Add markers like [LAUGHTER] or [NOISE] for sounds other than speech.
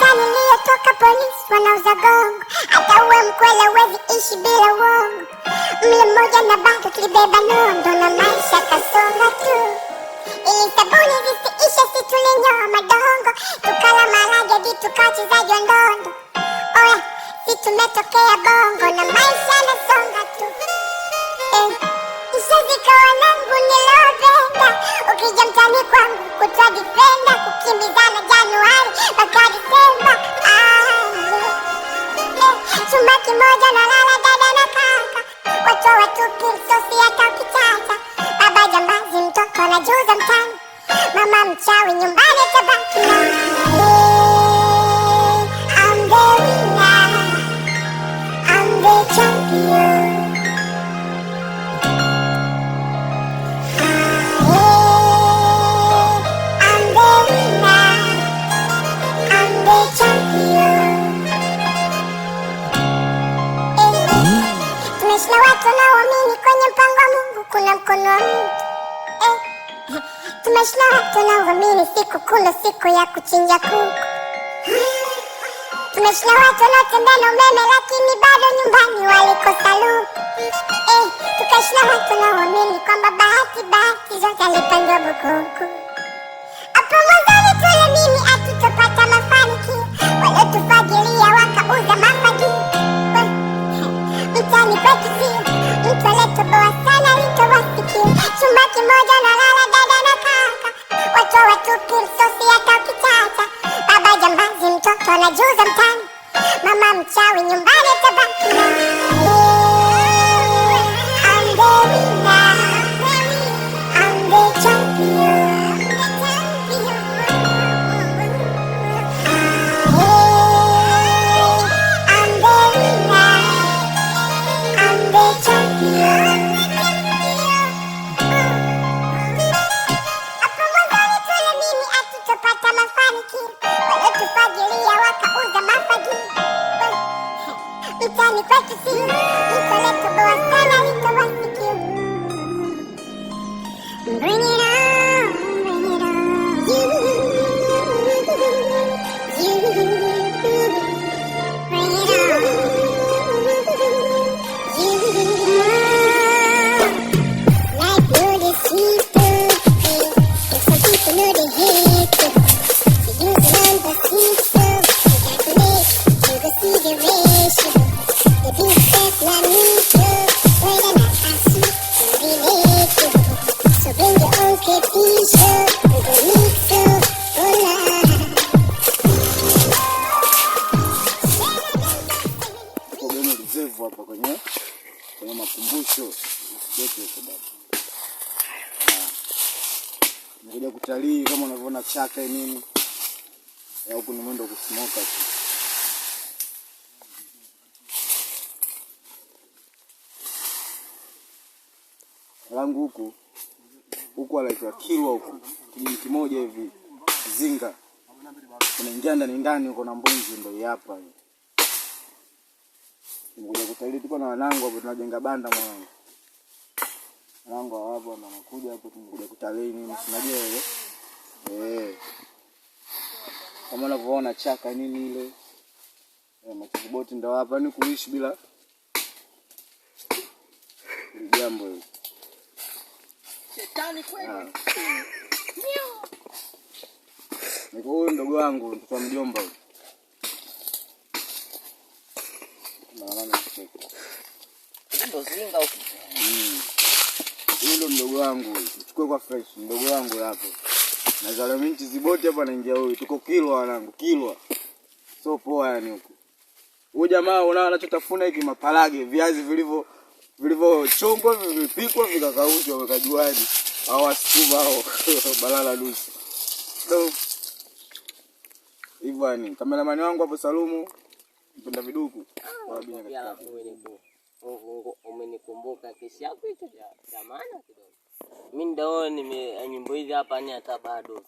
Marekani niliyotoka, polisi wanauza gongo, hata uwe mkwela uwezi ishi bila uongo. Mle mmoja na bado tulibeba nondo, na maisha kasonga tu, ili sabuni zisiishe, situlinywa madongo, tukala marage vitu kachezajwa ndondo kupiga mtani kwangu kutwa Disemba, kukimbizana Januari mpaka Disemba. Ah, eh, chumba kimoja nalala dada na kaka, watoa tupi msosi hata ukichata. Baba jambazi, mtoko na juza mtani, mama mchawi nyumbani tabaka na watu wanaoamini kwenye mpango wa Mungu kuna mkono wa Mungu eh. Tumeishi na watu wanaoamini siku kuna siku ya kuchinja kuku. Tumeishi na watu wanaotembea na umeme lakini bado nyumbani walikosa luku eh. Tukaishi na watu wanaoamini kwamba bahati bahati zote alipangiwa bukuku I'm you back. It's time You got me practicing intellectual stuff. hapa kwenye kwenye makumbusho yetu ya Sabato. Ah, kutalii kama unavyoona chaka nini, huku ni mwendo kusimoka tu. langu huku huku anaitwa Kilwa huku kijiji kimoja hivi Zinga, unaingia ndani ndani, uko na Mbunzi, ndio hapa hii Nimekuja kutalii, tuko na wanangu hapo, tunajenga banda mwanangu. Wanangu hawapo ndo wanakuja hapo, tumekuja kutalii nini, unajua wewe eh, kama unavyoona chaka nini ile eh, makiboti ndo hapa, ni yaani kuishi bila jambo hili shetani kweli. Ah. Niko huyu mdogo wangu, mtoto wa mjomba huyu. Huyu ndo mdogo wangu, chukue kwa fresh, mdogo wangu hapo. Na zalo minchi ziboti hapa naingia huyu. Tuko Kilwa wanangu, Kilwa. So poa yani huko. Huyu jamaa una anachotafuna hiki mapalage, viazi vilivyo vilivyochongwa, vimepikwa, vikakaushwa, wakajuaji. Hao wasukuma [LAUGHS] hao balala nusu. Hivyo yani, kameramani wangu hapo Salumu Mpenda viduku. Ah, Mungu umenikumbuka kesha kitu cha maana kidogo. Mimi ndio nyimbo hizi hapa ni hata bado.